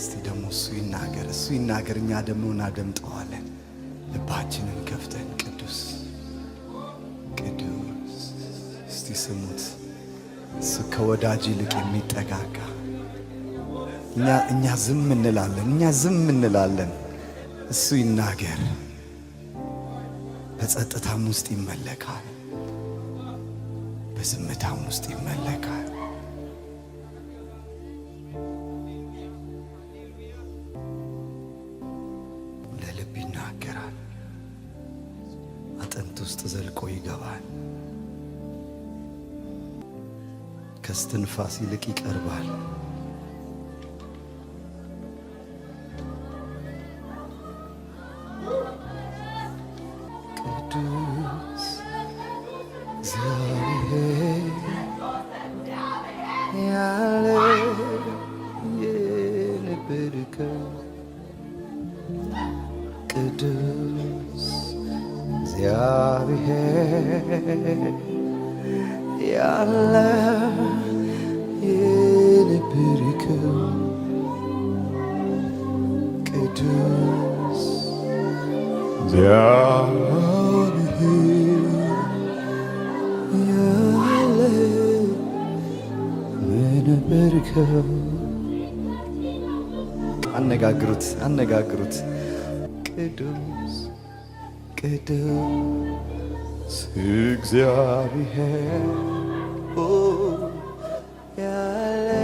እስቲ ደግሞ እሱ ይናገር፣ እሱ ይናገር። እኛ ደግሞ እናደምጠዋለን። ልባችንን ከፍተን ቅዱስ ቅዱስ እስቲ ስሙት። እሱ ከወዳጅ ይልቅ የሚጠጋጋ እኛ ዝም እንላለን፣ እኛ ዝም እንላለን። እሱ ይናገር። በጸጥታም ውስጥ ይመለካል፣ በዝምታም ውስጥ ይመለካል። ይናገራል። አጥንት ውስጥ ዘልቆ ይገባል። ከስትንፋስ ይልቅ ይቀርባል። ቅዱስ ቅዱስ እግዚአብሔር ያለ የልብርክ ቅዱስ እግዚአብሔር ያለ የልብርክ አነጋግሩት አነጋግሩት ቅዱስ ቅዱስ እግዚአብሔር ያለ